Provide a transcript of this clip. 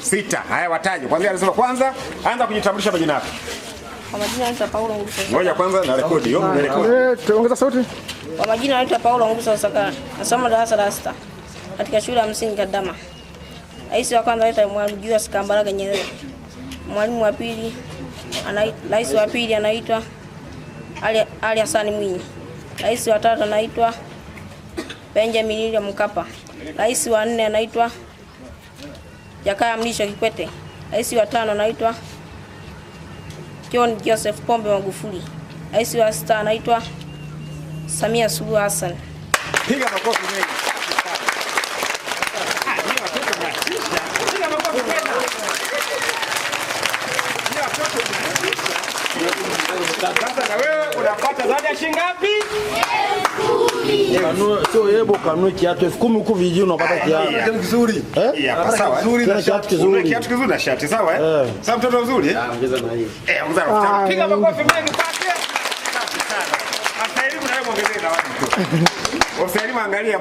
sita. Haya wataje. Kwanza anasema kwanza anza kujitambulisha majina yako. Kwa majina naitwa Paulo Nguruso. Ngoja kwanza na rekodi. Yo, na rekodi. Eh, Ongeza sauti. Kwa majina naitwa Paulo Ngusa Saka. Nasoma darasa la sita katika shule ya msingi Kadama. Rais wa kwanza anaitwa Mwalimu Julius Kambarage Nyerere. Mwalimu wa pili anaitwa Rais wa pili anaitwa Ali Ali Hassan Mwinyi. Rais wa tatu anaitwa Benjamin William Mkapa. Rais wa nne anaitwa Jakaya Mlisho Kikwete. Rais wa tano anaitwa John Joseph Pombe Magufuli. Rais wa sita anaitwa Samia Suluhu Hassan. Piga makofi mengi. Sasa na wewe unapata zawadi ya shilingi ngapi? sio yebo, kanue kiatu elfu kumi huku vijijini unapata eh, kiatu kizuri, eh? kiatu kizuri, kiatu kizuri na shati sawa. Eh? Sasa mtoto mzuri, ah, ongeza na hiyo, ongeza na kiatu. Ah, Piga makofi mengi kwake. Sasa elimu na wewe ongezea zawadi. Ofisa elimu, angalia